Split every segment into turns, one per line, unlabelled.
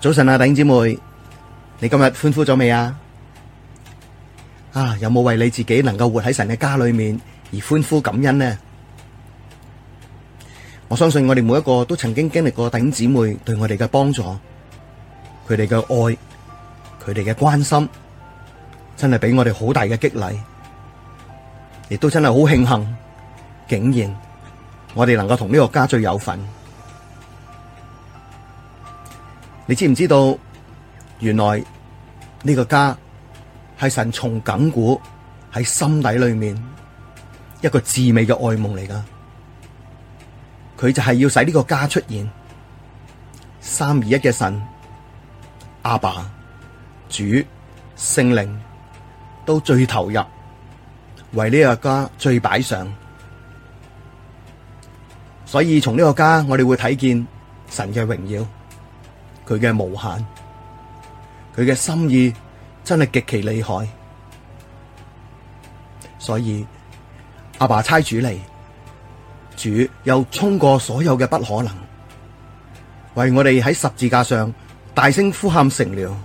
早晨啊，弟兄姊妹，你今日歡呼咗未啊？啊，有冇為你自己能夠活喺神嘅家裏面而歡呼感恩呢？我相信我哋每一個都曾經經歷過弟兄姊妹對我哋嘅幫助，佢哋嘅愛，佢哋嘅關心，真係俾我哋好大嘅激勵，亦都真係好慶幸，竟然我哋能夠同呢個家最有份。你知唔知道？原來呢個家係神從亙古喺心底裏面一個至美嘅愛夢嚟㗎。佢就係要使呢個家出現，三而一嘅神，阿爸、主、聖靈都最投入，為呢個家最擺上，所以從呢個家我哋會睇見神嘅榮耀。佢嘅無限，佢嘅心意真係極其厲害，所以阿爸差主嚟，主又衝過所有嘅不可能，為我哋喺十字架上大聲呼喊，成了，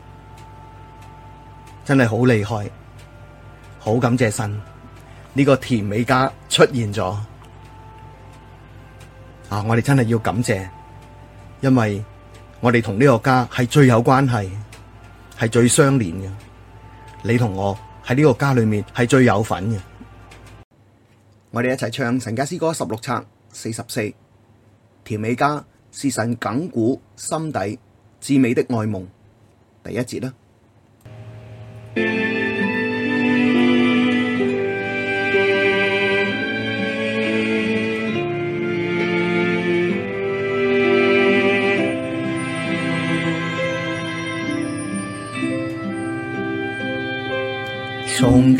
真係好厲害，好感謝神，呢個甜美家出現咗，啊，我哋真係要感謝，因為，我哋同呢個家係最有關係，係最相連嘅。你同我喺呢個家裏面係最有份嘅。我哋一齊唱《神家詩歌》十六冊四十四，甜美家是神亙古心底至美的愛夢，第一節啦。嗯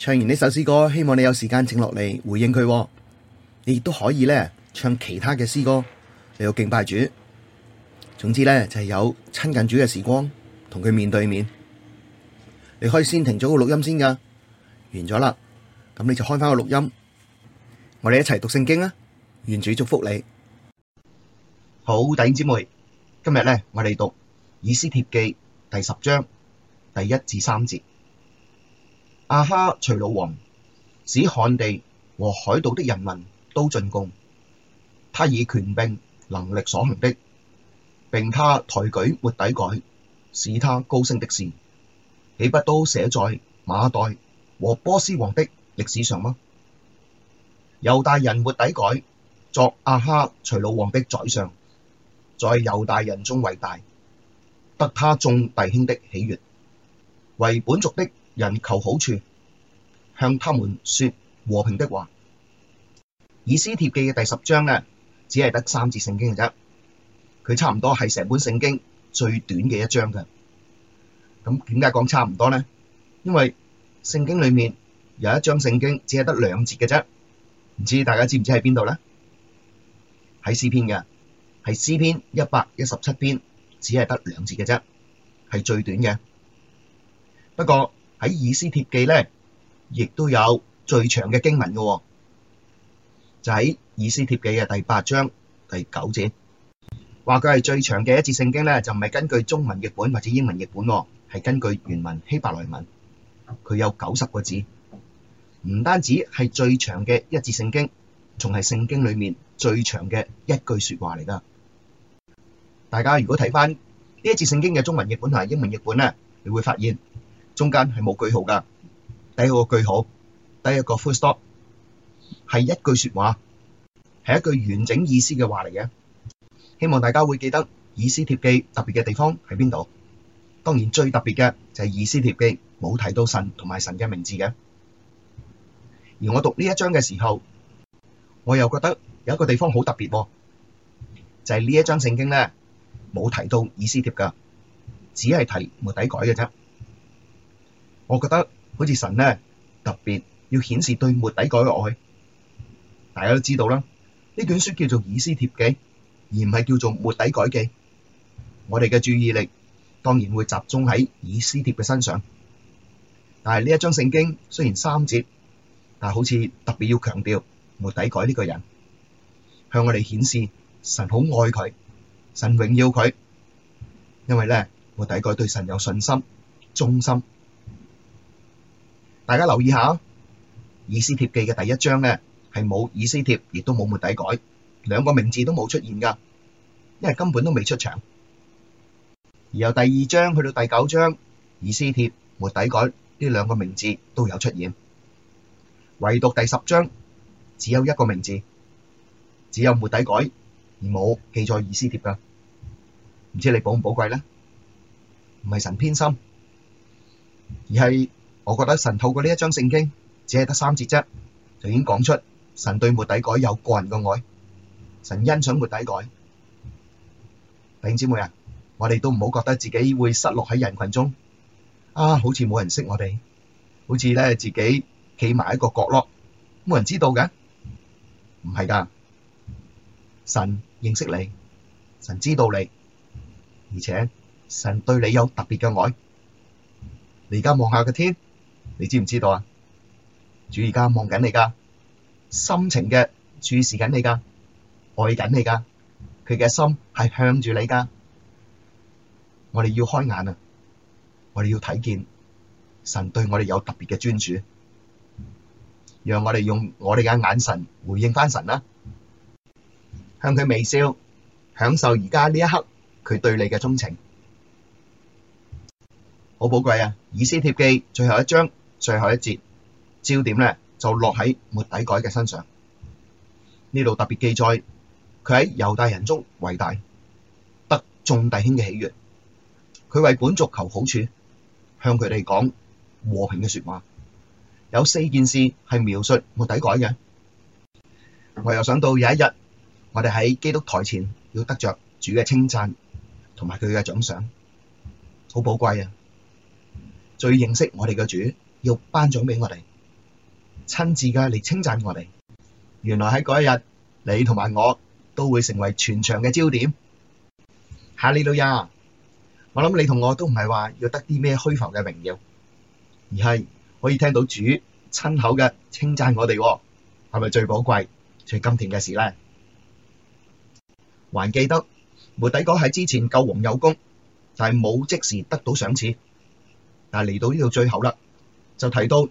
唱完呢首詩歌，希望你有時間靜落嚟回應佢、哦。你亦都可以呢唱其他嘅詩歌。你要敬拜主，總之咧就係有親近主嘅時光，同佢面對面。你可以先停咗個錄音先噶，完咗啦，咁你就開翻個錄音，我哋一齊讀聖經啊。願主祝福你，好弟兄姊妹。今日咧我哋讀以斯帖記第十章第一至三節。亞哈隨魯王使旱地和海島的人民都進貢，他以權柄能力所行的，並他抬舉末底改，使他高升的事，豈不都寫在瑪代和波斯王的歷史上嗎？猶大人末底改，作亞哈隨魯王的宰相，在猶大人中為大，得他眾弟兄的喜悅，為本族的人求好處，向他們說和平的話。以斯帖記第十章咧。只係得三節聖經嘅啫，佢差唔多係成本聖經最短嘅一章㗎。咁點解講差唔多咧？因為聖經裡面有一章聖經只係得兩節嘅啫，唔知大家知唔知喺邊度咧？喺詩篇嘅，係詩篇一百一十七篇，只係得兩節嘅啫，係最短嘅。不過喺以斯帖記咧，亦都有最長嘅經文㗎喎，就喺、是、～以斯帖記嘅第八章第九節，話佢係最長嘅一節聖經呢，就唔係根據中文譯本或者英文譯本，係根據原文希伯來文。佢有九十個字，唔單止係最長嘅一節聖經，仲係聖經裏面最長嘅一句說話嚟噶。大家如果睇返呢一節聖經嘅中文譯本同埋英文譯本呢，你會發現中間係冇句號噶，第一個句號，第一個 full stop，係一句說話。係一句完整意思嘅話嚟嘅，希望大家會記得《以斯帖記》特別嘅地方喺邊度？當然最特別嘅就係《以斯帖記》冇提到神同埋神嘅名字嘅。而我讀呢一章嘅時候，我又覺得有一個地方好特別啊，就係、是、呢一章聖經咧冇提到《以斯帖》噶，只係提末底改嘅啫。我覺得好似神咧特別要顯示對末底改嘅愛。大家都知道啦。呢段書叫做以斯帖記，而唔係叫做末底改記。我哋嘅注意力當然會集中喺以斯帖嘅身上，但係呢一章聖經雖然三節，但係好似特別要強調末底改呢個人，向我哋顯示神好愛佢，神榮耀佢，因為咧末底改對神有信心、忠心。大家留意下，以斯帖記嘅第一章咧。係冇以斯帖，亦都冇末底改，兩個名字都冇出現噶，因為根本都未出場。而由第二章去到第九章、以斯帖、末底改呢兩個名字都有出現，唯獨第十章只有一個名字，只有末底改而冇記載以斯帖噶。唔知你寶唔寶貴呢？唔係神偏心，而係我覺得神透過呢一章聖經，只係得三節啫，就已經講出。神對末底改有個人嘅愛，神欣賞末底改，弟兄姊妹啊，我哋都唔好覺得自己會失落喺人群中，啊，好似冇人識我哋，好似咧自己企埋一個角落，冇人知道嘅，唔係噶，神認識你，神知道你，而且神對你有特別嘅愛。你而家望下個天，你知唔知道啊？主而家望緊你噶。心情嘅注視緊你噶，愛緊你噶，佢嘅心係向住你噶。我哋要開眼啊！我哋要睇見神對我哋有特別嘅專注，讓我哋用我哋嘅眼神回應返神啦，向佢微笑，享受而家呢一刻佢對你嘅鍾情，好寶貴啊！以斯帖記，最後一章，最後一節，焦點咧。就落喺末底改嘅身上。呢度特別記載佢喺猶大人中偉大，得眾弟兄嘅喜悅。佢為本族求好處，向佢哋講和平嘅説話。有四件事係描述末底改嘅。我又想到有一日，我哋喺基督台前要得着主嘅稱讚，同埋佢嘅獎賞，好寶貴啊！最認識我哋嘅主，要頒獎俾我哋。親自嘅嚟稱讚我哋。原來喺嗰一日，你同埋我都會成為全場嘅焦點。哈利路亞，我諗你同我都唔係話要得啲咩虛浮嘅榮耀，而係可以聽到主親口嘅稱讚我哋，係咪最寶貴、最甘甜嘅事咧？還記得末底改喺之前救王有功，但係冇即時得到賞賜。但係嚟到呢度最後啦，就提到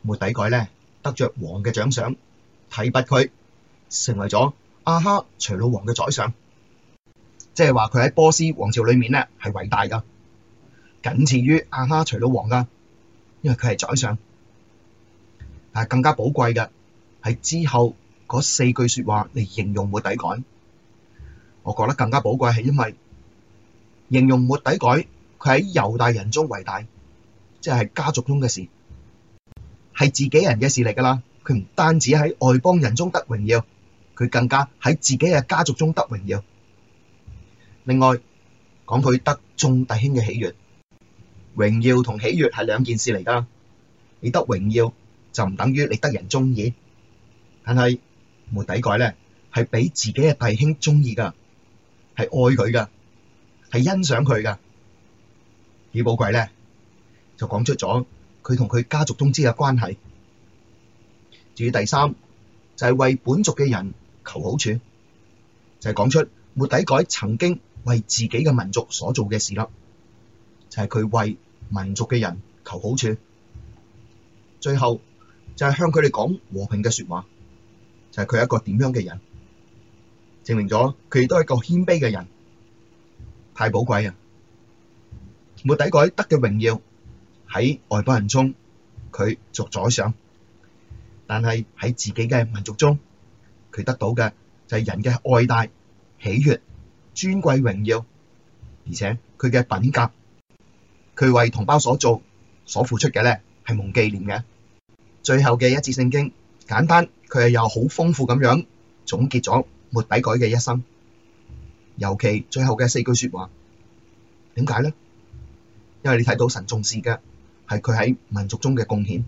末底改咧。得着王嘅獎賞，提拔佢成為咗亞哈隨魯王嘅宰相，即係話佢喺波斯王朝裏面咧，係偉大噶，僅次於亞哈隨魯王噶，因為佢係宰相。啊，更加寶貴嘅係之後嗰四句說話嚟形容末底改，我覺得更加寶貴係因為形容末底改，佢喺猶大人中偉大，即係家族中嘅事。係自己人嘅事嚟噶啦，佢唔單止喺外邦人中得榮耀，佢更加喺自己嘅家族中得榮耀。另外講佢得眾弟兄嘅喜悅，榮耀同喜悅係兩件事嚟噶。你得榮耀就唔等於你得人中意，但係末底改咧係俾自己嘅弟兄中意噶，係愛佢噶，係欣賞佢噶，幾寶貴咧？就講出咗。佢同佢家族中之嘅關係，至於第三就係為本族嘅人求好處，就係講出末底改曾經為自己嘅民族所做嘅事啦，就係佢為民族嘅人求好處，最後就係向佢哋講和平嘅説話，就係佢係一個點樣嘅人，證明咗佢亦都係一個謙卑嘅人，太寶貴啊！末底改得嘅榮耀，喺外邦人中，佢作宰相，但係喺自己嘅民族中，佢得到嘅就係人嘅愛戴、喜悅、尊貴、榮耀，而且佢嘅品格，佢為同胞所做所付出嘅咧係蒙紀念嘅。最後嘅一節聖經簡單，佢係又好豐富咁樣總結咗末底改嘅一生，尤其最後嘅四句說話點解咧？因為你睇到神重視嘅。係佢喺民族中嘅貢獻，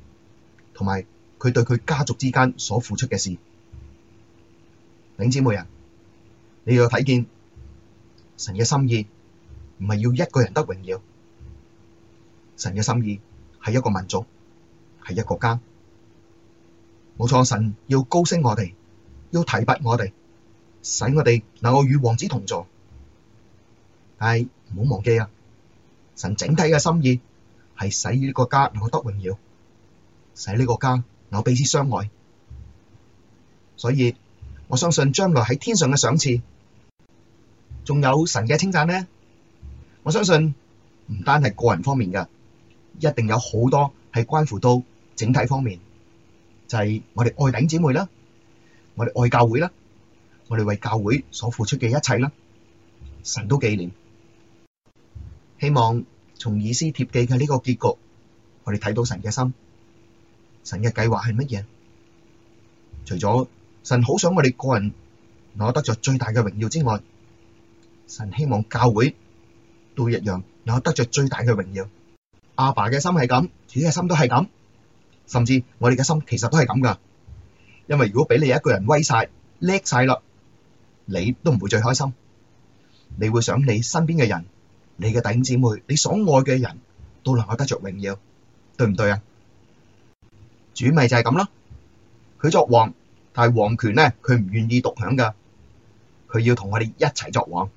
同埋佢對佢家族之間所付出嘅事。弟兄姊妹啊，你要睇見神嘅心意，唔係要一個人得榮耀。神嘅心意係一個民族，係一個家。冇錯，神要高升我哋，要提拔我哋，使我哋能夠與王子同坐。但係唔好忘記啊，神整體嘅心意。係使呢個家能夠得榮耀，使呢個家能夠彼此相愛，所以我相信將來喺天上嘅賞賜，仲有神嘅稱讚呢。我相信唔單係個人方面嘅，一定有好多係關乎到整體方面，就係我哋愛頂姐妹啦，我哋愛教會啦，我哋為教會所付出嘅一切啦，神都紀念。希望。從以斯帖記嘅呢個結局，我哋睇到神嘅心，神嘅計劃係乜嘢？除咗神好想我哋個人攞得着最大嘅榮耀之外，神希望教會都一樣攞得着最大嘅榮耀。阿爸嘅心係咁，主嘅心都係咁，甚至我哋嘅心其實都係咁噶。因為如果俾你一個人威晒叻晒啦，你都唔會最開心，你會想你身邊嘅人，你嘅弟兄姊妹，你所愛嘅人都能夠得着榮耀，對唔對啊？主咪就係咁啦，佢作王，但係王權咧，佢唔願意獨享噶，佢要同我哋一齊作王，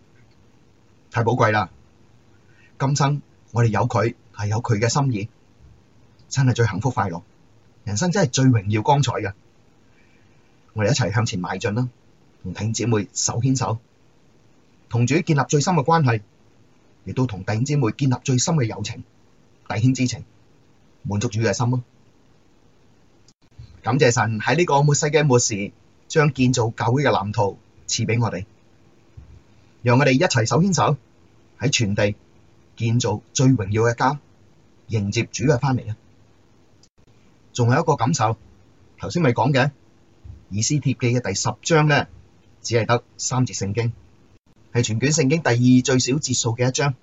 太寶貴啦！今生我哋有佢，係有佢嘅心意，真係最幸福快樂，人生真係最榮耀光彩嘅。我哋一齊向前邁進啦，同弟兄姊妹手牽手，同主建立最深嘅關係。亦都同弟兄姊妹建立最深嘅友情、弟兄之情，滿足主嘅心咯。感謝神喺呢個末世嘅末時，將建造教會嘅藍圖賜俾我哋，讓我哋一齊手牽手喺全地建造最榮耀嘅家，迎接主嘅翻嚟啊！仲有一個感受，頭先咪講嘅以斯帖記嘅第十章咧，只係得三節聖經。係全卷聖經第二最少節數嘅一章，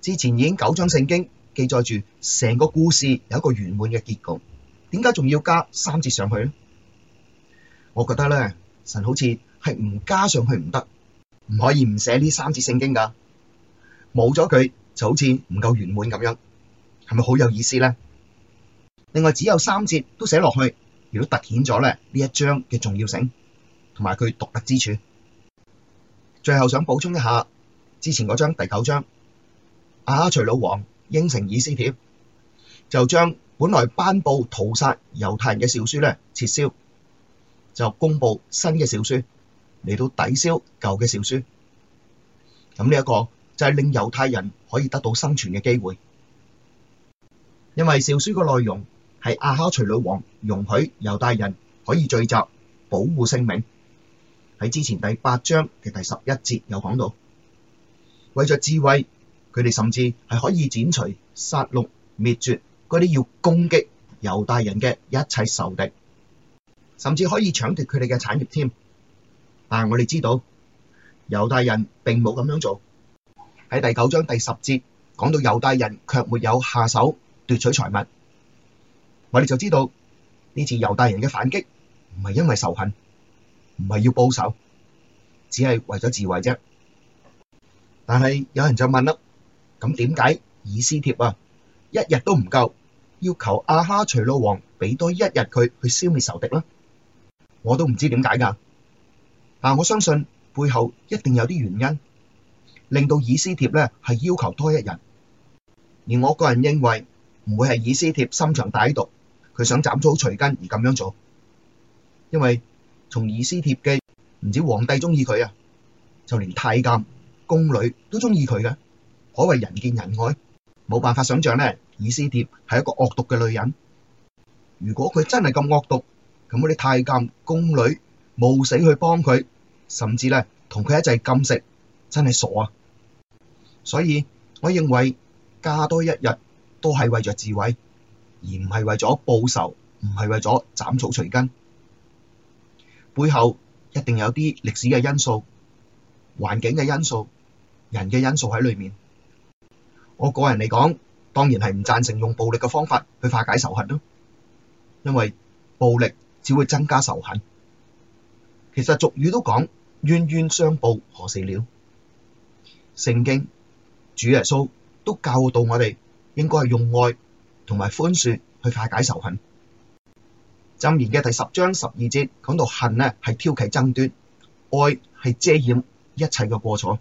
之前已經九章聖經記載住成個故事有一個圓滿嘅結局，點解仲要加三節上去呢？我覺得咧，神好似係唔加上去唔得，唔可以唔寫呢三節聖經噶，冇咗佢就好似唔夠圓滿咁樣，係咪好有意思呢？另外只有三節都寫落去，亦都突顯咗咧呢一章嘅重要性，同埋佢獨特之處。最後想補充一下，之前嗰章第九章，阿哈隨魯王應承以斯帖，就將本來頒布屠殺猶太人嘅詔書咧撤銷，就公布新嘅詔書嚟到抵消舊嘅詔書。咁呢一個就係令猶太人可以得到生存嘅機會，因為詔書嘅內容係阿哈隨魯王容許猶太人可以聚集保護性命。喺之前第八章嘅第十一節有講到，為咗智慧，佢哋甚至係可以剪除、殺戮、滅絕嗰啲要攻擊猶大人嘅一切仇敵，甚至可以搶奪佢哋嘅產業添。但係我哋知道，猶大人並冇咁樣做。喺第九章第十節講到猶大人卻沒有下手奪取財物，我哋就知道呢次猶大人嘅反擊唔係因為仇恨。唔係要報仇，只係為咗自衞啫。但係有人就問啦：咁點解以斯帖啊，一日都唔夠，要求亞哈隨魯王俾多一日佢去消滅仇敵啦？我都唔知點解㗎。但我相信背後一定有啲原因，令到以斯帖咧係要求多一日。而我個人認為，唔會係以斯帖心腸歹毒，佢想斬草除根而咁樣做，因為，同以斯帖記唔止皇帝中意佢啊，就連太監宮女都中意佢嘅，可謂人見人愛。冇辦法想象咧，以斯帖係一個惡毒嘅女人。如果佢真係咁惡毒，咁嗰啲太監宮女冒死去幫佢，甚至咧同佢一齊禁食，真係傻啊！所以我認為加多一日都係為咗自衛，而唔係為咗報仇，唔係為咗斬草除根。背後一定有啲歷史嘅因素、環境嘅因素、人嘅因素喺裏面。我個人嚟講，當然係唔贊成用暴力嘅方法去化解仇恨咯，因為暴力只會增加仇恨。其實俗語都講冤冤相報何時了，聖經主耶穌都教導我哋應該係用愛同埋寬恕去化解仇恨。《箴言》嘅第十章十二節講到恨，呢係挑起爭端，愛係遮掩一切嘅過錯。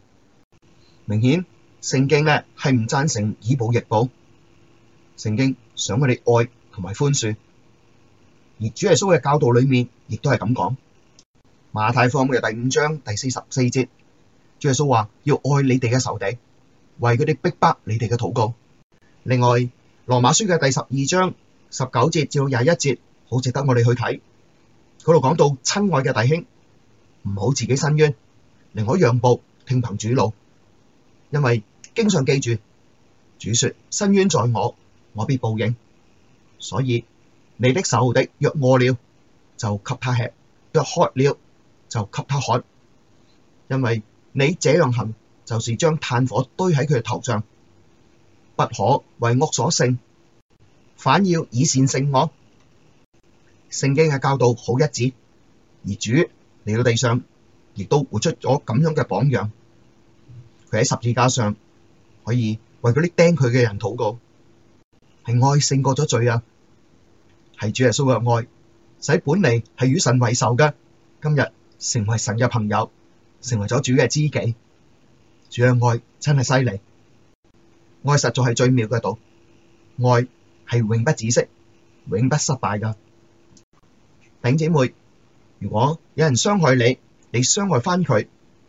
明顯《聖經》呢係唔贊成以暴易暴，《聖經》想佢哋愛同埋寬恕。而主耶穌嘅教導裏面亦都係咁講，《馬太福音》嘅第五章第四十四節，主耶穌話要愛你哋嘅仇敵，為佢哋逼迫你哋嘅禱告。另外，《羅馬書》嘅第十二章十九節至到廿一節。好值得我哋去睇嗰度講到，親愛嘅弟兄，唔好自己伸冤，寧可讓步聽憑主怒。」因為經常記住主說：伸冤在我，我必報應。所以你的仇敵若餓了，就給他吃；若渴了，就給他喝。因為你這樣行，就是將炭火堆喺佢嘅頭上，不可為惡所勝，反要以善勝惡。聖經嘅教導好一致，而主嚟到地上，亦都活出咗咁樣嘅榜樣。佢喺十字架上，可以為嗰啲釘佢嘅人禱告，係愛勝過咗罪啊！係主耶穌嘅愛，使本嚟係與神為仇嘅，今日成為神嘅朋友，成為咗主嘅知己。主嘅愛真係犀利，愛實在係最妙嘅道，愛係永不止息、永不失敗噶。弟姐妹，如果有人傷害你，你傷害翻佢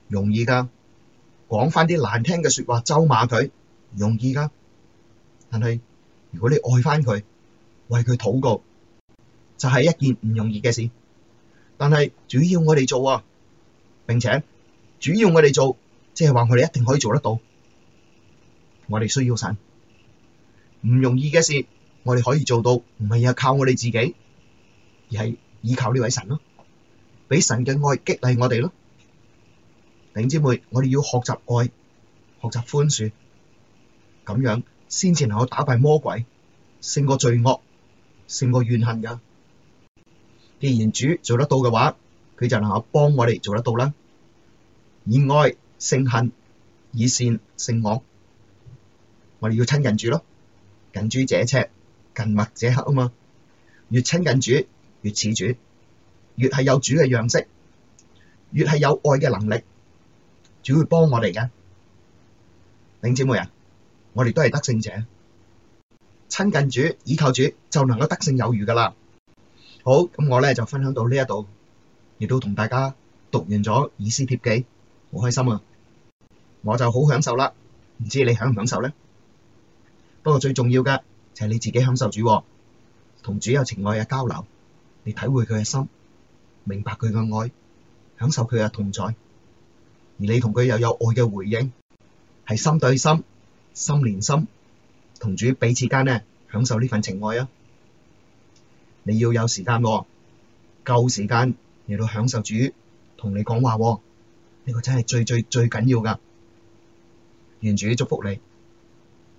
容易噶，講翻啲難聽嘅說話咒罵佢容易噶，但係如果你愛翻佢，為佢禱告就係、是、一件唔容易嘅事。但係主要我哋做啊，並且主要我哋做，即係話我哋一定可以做得到。我哋需要神，唔容易嘅事我哋可以做到，唔係要靠我哋自己，而係。依靠呢位神咯，俾神嘅愛激勵我哋咯。弟兄姊妹，我哋要學習愛，學習寬恕，咁樣先至能夠打敗魔鬼，勝過罪惡，勝過怨恨噶。既然主做得到嘅話，佢就能夠幫我哋做得到啦。以愛勝恨，以善勝惡，我哋要親近主咯。近朱者赤，近墨者黑啊嘛，越親近主。越似主，越係有主嘅樣式，越係有愛嘅能力，主會幫我哋嘅。領姐妹啊，我哋都係得勝者，親近主、倚靠主，就能夠得勝有餘噶啦。好，咁我呢就分享到呢一度，亦都同大家讀完咗《以斯帖記》，好開心啊！我就好享受啦，唔知你享唔享受呢？不過最重要嘅就係你自己享受主，同主有情愛啊，交流。你體會佢嘅心，明白佢嘅愛，享受佢嘅同在，而你同佢又有愛嘅回應，係心對心，心連心，同主彼此間咧享受呢份情愛啊！你要有時間夠時間嚟到享受主同你講話，呢個真係最最最緊要噶。願主祝福你。